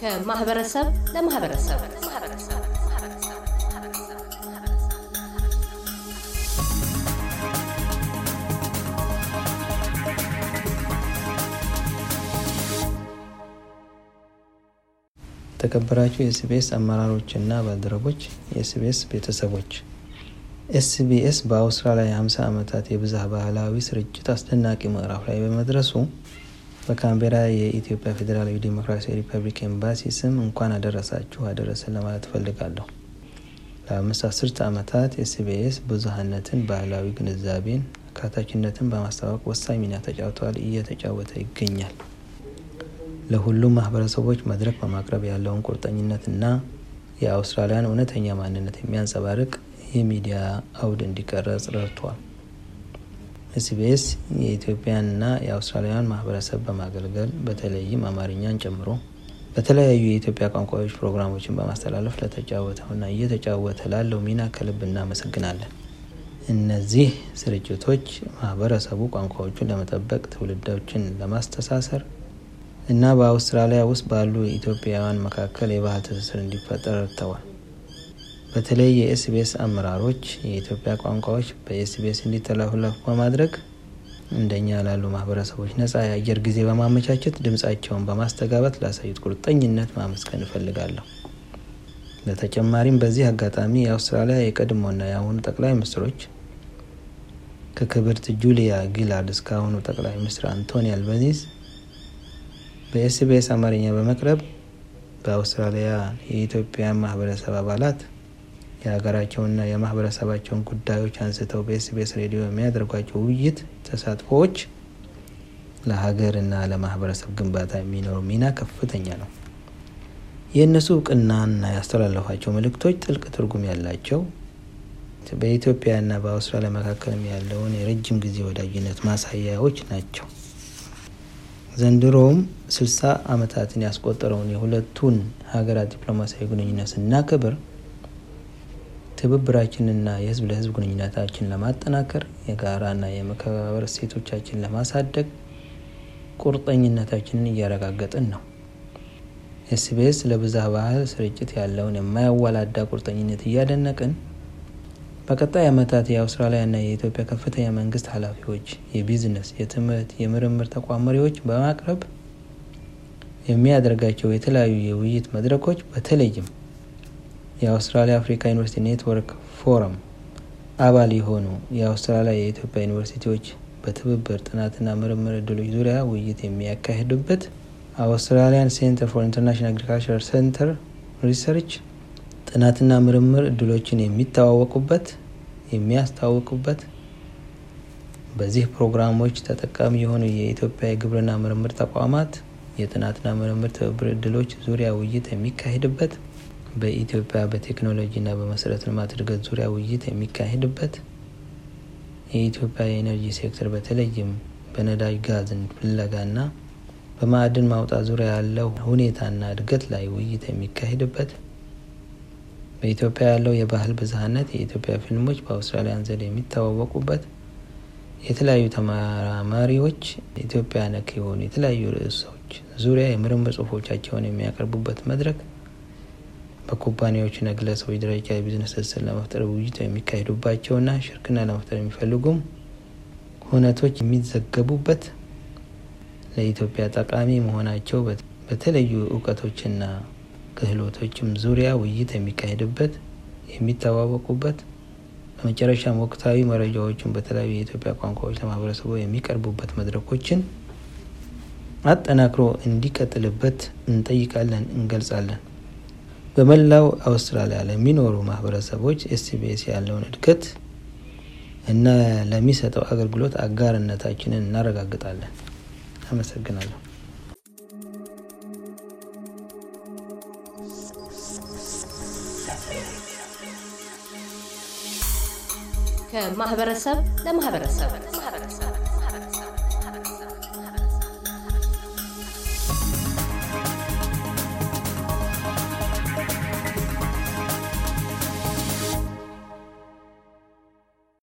ከማህበረሰብ ለማህበረሰብ የተከበራችሁ አመራሮች አመራሮችና ባልደረቦች፣ የስቤስ ቤተሰቦች ኤስቢኤስ በአውስትራሊያ የ50 ዓመታት የብዛህ ባህላዊ ስርጭት አስደናቂ ምዕራፍ ላይ በመድረሱ በካምቤራ የኢትዮጵያ ፌዴራላዊ ዴሞክራሲያዊ ሪፐብሊክ ኤምባሲ ስም እንኳን አደረሳችሁ አደረሰን ለማለት እፈልጋለሁ። ለአምስት አስርት ዓመታት ኤስቢኤስ ብዙሀነትን፣ ባህላዊ ግንዛቤን፣ አካታችነትን በማስተዋወቅ ወሳኝ ሚና ተጫውተዋል፣ እየተጫወተ ይገኛል። ለሁሉም ማህበረሰቦች መድረክ በማቅረብ ያለውን ቁርጠኝነትና የአውስትራሊያን እውነተኛ ማንነት የሚያንጸባርቅ የሚዲያ አውድ እንዲቀረጽ ረድቷል። ኤስቢኤስ የኢትዮጵያንና የአውስትራሊያን ማህበረሰብ በማገልገል በተለይም አማርኛን ጨምሮ በተለያዩ የኢትዮጵያ ቋንቋዎች ፕሮግራሞችን በማስተላለፍ ለተጫወተውና እየተጫወተ ላለው ሚና ከልብ እናመሰግናለን። እነዚህ ስርጭቶች ማህበረሰቡ ቋንቋዎቹን ለመጠበቅ ትውልዶችን ለማስተሳሰር እና በአውስትራሊያ ውስጥ ባሉ ኢትዮጵያውያን መካከል የባህል ትስስር እንዲፈጠር ረድተዋል። በተለይ የኤስቢኤስ አመራሮች የኢትዮጵያ ቋንቋዎች በኤስቢኤስ እንዲተላለፉ በማድረግ እንደኛ ላሉ ማህበረሰቦች ነጻ የአየር ጊዜ በማመቻቸት ድምፃቸውን በማስተጋባት ላሳዩት ቁርጠኝነት ማመስገን እፈልጋለሁ። በተጨማሪም በዚህ አጋጣሚ የአውስትራሊያ የቀድሞና የአሁኑ ጠቅላይ ሚኒስትሮች ከክብርት ጁሊያ ጊላርድ እስካሁኑ ጠቅላይ ሚኒስትር አንቶኒ አልበኒዝ በኤስቢኤስ አማርኛ በመቅረብ በአውስትራሊያ የኢትዮጵያ ማህበረሰብ አባላት የሀገራቸውና የማህበረሰባቸውን ጉዳዮች አንስተው በኤስቢኤስ ሬዲዮ የሚያደርጓቸው ውይይት ተሳትፎዎች ለሀገርና ለማህበረሰብ ግንባታ የሚኖሩ ሚና ከፍተኛ ነው። የእነሱ እውቅናና ያስተላለፏቸው መልእክቶች ጥልቅ ትርጉም ያላቸው በኢትዮጵያና በአውስትራሊያ መካከልም ያለውን የረጅም ጊዜ ወዳጅነት ማሳያዎች ናቸው። ዘንድሮውም ስልሳ ዓመታትን ያስቆጠረውን የሁለቱን ሀገራት ዲፕሎማሲያዊ ግንኙነት ስናከብር ትብብራችንና የህዝብ ለህዝብ ግንኙነታችን ለማጠናከር የጋራና የመከባበር እሴቶቻችን ለማሳደግ ቁርጠኝነታችንን እያረጋገጥን ነው። ኤስቢኤስ ለብዛ ባህል ስርጭት ያለውን የማያወላዳ ቁርጠኝነት እያደነቅን በቀጣይ ዓመታት የአውስትራሊያና የኢትዮጵያ ከፍተኛ መንግስት ኃላፊዎች፣ የቢዝነስ፣ የትምህርት፣ የምርምር ተቋም መሪዎች በማቅረብ የሚያደርጋቸው የተለያዩ የውይይት መድረኮች በተለይም የአውስትራሊያ አፍሪካ ዩኒቨርሲቲ ኔትወርክ ፎረም አባል የሆኑ የአውስትራሊያ የኢትዮጵያ ዩኒቨርሲቲዎች በትብብር ጥናትና ምርምር እድሎች ዙሪያ ውይይት የሚያካሂዱበት አውስትራሊያን ሴንተር ፎር ኢንተርናሽናል አግሪካልቸር ሴንተር ሪሰርች ጥናትና ምርምር እድሎችን የሚተዋወቁበት የሚያስታውቁበት በዚህ ፕሮግራሞች ተጠቃሚ የሆኑ የኢትዮጵያ የግብርና ምርምር ተቋማት የጥናትና ምርምር ትብብር እድሎች ዙሪያ ውይይት የሚካሄድበት በኢትዮጵያ በቴክኖሎጂና በመሰረተ ልማት እድገት ዙሪያ ውይይት የሚካሄድበት የኢትዮጵያ የኤነርጂ ሴክተር በተለይም በነዳጅ ጋዝን ፍለጋና በማዕድን ማውጣት ዙሪያ ያለው ሁኔታና እድገት ላይ ውይይት የሚካሄድበት በኢትዮጵያ ያለው የባህል ብዝሀነት የኢትዮጵያ ፊልሞች በአውስትራሊያን ዘዴ የሚተዋወቁበት የተለያዩ ተመራማሪዎች ኢትዮጵያ ነክ የሆኑ የተለያዩ ርዕሶች ዙሪያ የምርምር ጽሁፎቻቸውን የሚያቀርቡበት መድረክ በኩባንያዎች ና ግለሰቦች ደረጃ የቢዝነስ ትስስር ለመፍጠር ውይይት የሚካሄዱባቸው ና ሽርክና ለመፍጠር የሚፈልጉም ሁነቶች የሚዘገቡበት ለኢትዮጵያ ጠቃሚ መሆናቸው በተለዩ እውቀቶችና ክህሎቶችም ዙሪያ ውይይት የሚካሄድበት የሚተዋወቁበት በመጨረሻም ወቅታዊ መረጃዎችን በተለያዩ የኢትዮጵያ ቋንቋዎች ለማህበረሰቡ የሚቀርቡበት መድረኮችን አጠናክሮ እንዲቀጥልበት እንጠይቃለን፣ እንገልጻለን። በመላው አውስትራሊያ ለሚኖሩ ማህበረሰቦች ኤስቢኤስ ያለውን እድገት እና ለሚሰጠው አገልግሎት አጋርነታችንን እናረጋግጣለን። አመሰግናለሁ። ከማህበረሰብ ለማህበረሰብ